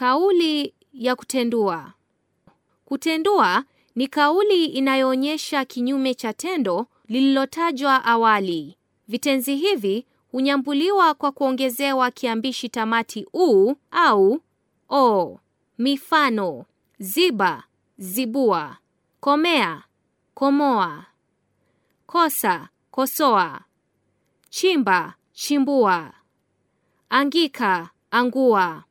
Kauli ya kutendua. Kutendua ni kauli inayoonyesha kinyume cha tendo lililotajwa awali. Vitenzi hivi hunyambuliwa kwa kuongezewa kiambishi tamati u au o. Mifano: ziba, zibua; komea, komoa; kosa, kosoa; chimba, chimbua; angika, angua.